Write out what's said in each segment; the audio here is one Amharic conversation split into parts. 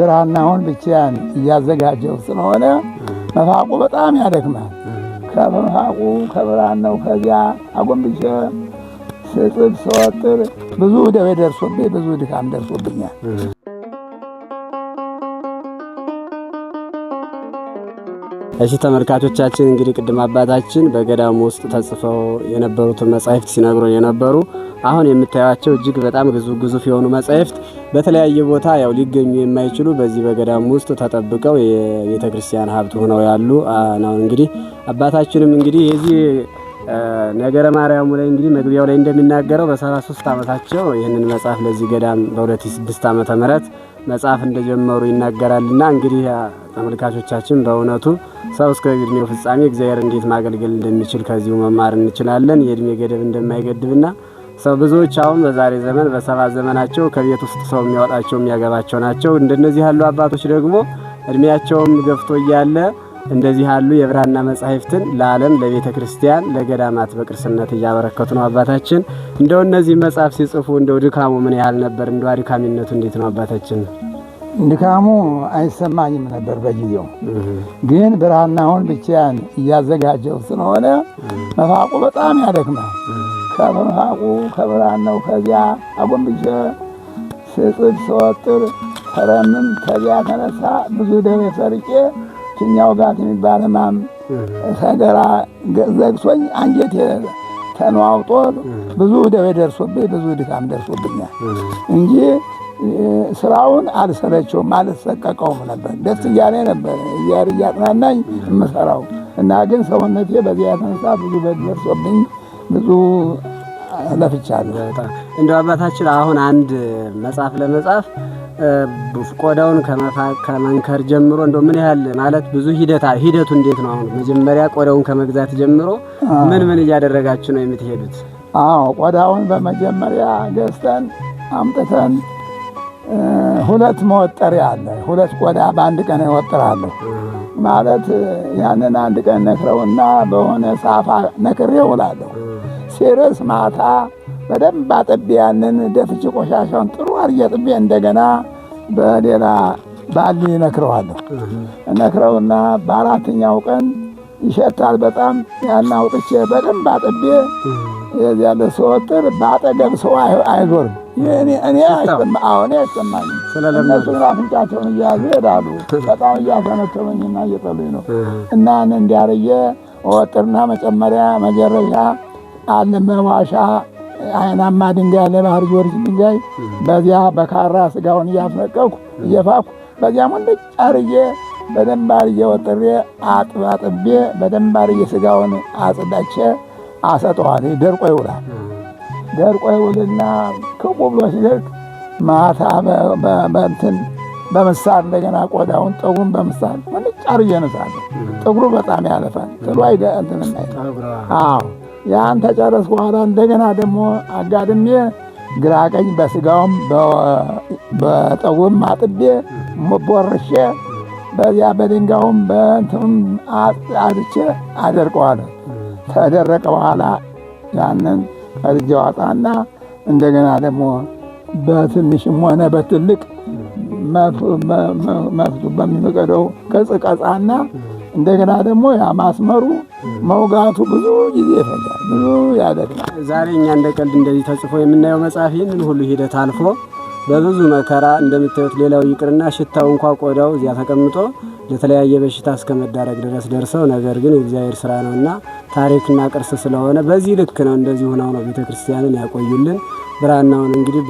ብራናውን ብቻን እያዘጋጀው ስለሆነ መፋቁ በጣም ያደክማል። ከመፋቁ ከብርሃን ነው። ከዚያ አጎንብቼ ስጥብ ስወጥር ብዙ ደዌ ደርሶብኝ ብዙ ድካም ደርሶብኛል። እሺ ተመልካቾቻችን እንግዲህ ቅድም አባታችን በገዳሙ ውስጥ ተጽፈው የነበሩትን መጻሕፍት ሲነግሩን የነበሩ አሁን የምታዩቸው እጅግ በጣም ግዙፍ ግዙፍ የሆኑ መጻሕፍት በተለያየ ቦታ ያው ሊገኙ የማይችሉ በዚህ በገዳሙ ውስጥ ተጠብቀው የቤተ ክርስቲያን ሀብት ሆነው ያሉ ነው። እንግዲህ አባታችንም እንግዲህ የዚህ ነገረ ማርያሙ ላይ እንግዲህ መግቢያው ላይ እንደሚናገረው በ73 ዓመታቸው ይህንን መጽሐፍ ለዚህ ገዳም በ2006 ዓመተ ምህረት መጽሐፍ እንደጀመሩ ይናገራልና እንግዲህ ተመልካቾቻችን በእውነቱ ሰው እስከ እድሜው ፍጻሜ እግዚአብሔር እንዴት ማገልገል እንደሚችል ከዚሁ መማር እንችላለን። የእድሜ ገደብ እንደማይገድብና ሰው ብዙዎች አሁን በዛሬ ዘመን በሰባት ዘመናቸው ከቤት ውስጥ ሰው የሚያወጣቸው የሚያገባቸው ናቸው። እንደነዚህ ያሉ አባቶች ደግሞ እድሜያቸውም ገፍቶ እያለ እንደዚህ ያሉ የብራና መጻሕፍትን ለዓለም ለቤተ ክርስቲያን ለገዳማት በቅርስነት እያበረከቱ ነው። አባታችን እንደው እነዚህ መጽሐፍ ሲጽፉ እንደው ድካሙ ምን ያህል ነበር? እንደው አድካሚነቱ እንዴት ነው አባታችን? ድካሙ አይሰማኝም ነበር በጊዜው። ግን ብርሃናውን ብቻዬን እያዘጋጀው ስለሆነ መፋቁ በጣም ያደክማል። ከመፋቁ ከብርሃናው ከዚያ አጎንብቼ ስጽድ ስወጥር ተረምም ከዚያ ተነሳ ብዙ ደዌ ሰርቄ ችኛው ጋት የሚባል ማም ሰገራ ዘግሶኝ አንጀት ተነዋውጦ ብዙ ደዌ ደርሶብኝ ብዙ ድካም ደርሶብኛል እንጂ ስራውን አልሰለቸውም አልሰቀቀውም ነበር። ደስ እያለ ነበር እያር እያጥናናኝ የምሰራው እና ግን ሰውነቴ በዚያ የተነሳ ብዙ በደርሶብኝ ብዙ ለፍቻለሁ። እንደ አባታችን አሁን አንድ መጽሐፍ ለመጻፍ ቆዳውን ከመንከር ጀምሮ እንደ ምን ያህል ማለት ብዙ ሂደት ሂደቱ እንዴት ነው? አሁን መጀመሪያ ቆዳውን ከመግዛት ጀምሮ ምን ምን እያደረጋችሁ ነው የምትሄዱት? አዎ ቆዳውን በመጀመሪያ ገዝተን አምጥተን ሁለት መወጠሪያ አለ። ሁለት ቆዳ በአንድ ቀን እወጥራለሁ ማለት ያንን አንድ ቀን ነክረውና በሆነ ሳፋ ነክሬ እውላለሁ። ሲርስ ማታ በደንብ አጥቤ ያንን ደፍቼ ቆሻሻውን ጥሩ አድርጌ አጥቤ እንደገና በሌላ ባሊ ነክረዋለሁ። ነክረውና በአራተኛው ቀን ይሸታል በጣም ያን አውጥቼ በደንብ አጥቤ ያለ ሰው በአጠገብ ሰው አይዞርም። እኔ አሁን አይሰማኝ እነሱ አፍንጫቸውን እያያዙ ይሄዳሉ። በጣም እያሰነተሉኝና እየጠሉኝ ነው። እና እንዲያርየ ወጥርና መጨመሪያ መጀረሻ አለ መዋሻ አይናማ ድንጋይ አለ ባህር ጊዮርጊስ ድንጋይ በዚያ በካራ ስጋውን እያስነቀኩ እየፋኩ በዚያ ወንደጭ አርዬ በደንብ አርዬ ወጥሬ አጥብ አጥቤ በደንብ አርዬ ስጋውን አጽዳቼ አሰጠዋለሁ። ደርቆ ይውላል። ደርቆ ይውልና ክቡ ብሎ ሲደርቅ ማታ በእንትን በምሳር እንደገና ቆዳውን ጠጉሩን በምሳር ምንጭ አርጌ እነሳለሁ። ጥጉሩ በጣም ያለፋል። ጥሩ አይደ እንትን አዎ ያን ተጨረስኩ በኋላ እንደገና ደግሞ አጋድሜ ግራ ቀኝ በስጋውም በጠጉሩም አጥቤ ቦርሼ በዚያ በድንጋዩም በእንትኑም አጥቼ አደርቀዋለሁ። ከደረቀ በኋላ ያንን ቀርጄ ዋጣና እንደገና ደግሞ በትንሽም ሆነ በትልቅ መፍቱ በሚመቀደው ቅጽ ቀጻና እንደገና ደግሞ ያ ማስመሩ መውጋቱ ብዙ ጊዜ ይፈጃል፣ ብዙ ያደርጋል። ዛሬ እኛ እንደ ቀልድ እንደዚህ ተጽፎ የምናየው መጽሐፍ ይህንን ሁሉ ሂደት አልፎ በብዙ መከራ እንደምታዩት ሌላው ይቅርና ሽታው እንኳ ቆዳው እዚያ ተቀምጦ ለተለያየ በሽታ እስከ መዳረግ ድረስ ደርሰው ነገር ግን የእግዚአብሔር ስራ ነውና ታሪክና ቅርስ ስለሆነ በዚህ ልክ ነው። እንደዚህ ሆነው ነው ቤተ ክርስቲያንን ያቆዩልን። ብራናውን እንግዲህ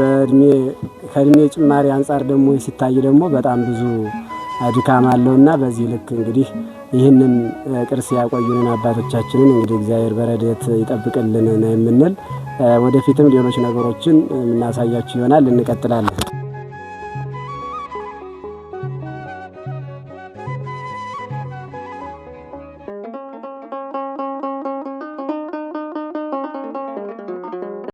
ከእድሜ ጭማሪ አንጻር ደግሞ ሲታይ ደግሞ በጣም ብዙ ድካም አለውና በዚህ ልክ እንግዲህ ይህንን ቅርስ ያቆዩንን አባቶቻችንን እንግዲህ እግዚአብሔር በረድኤት ይጠብቅልን ነው የምንል። ወደፊትም ሌሎች ነገሮችን የምናሳያችሁ ይሆናል። እንቀጥላለን።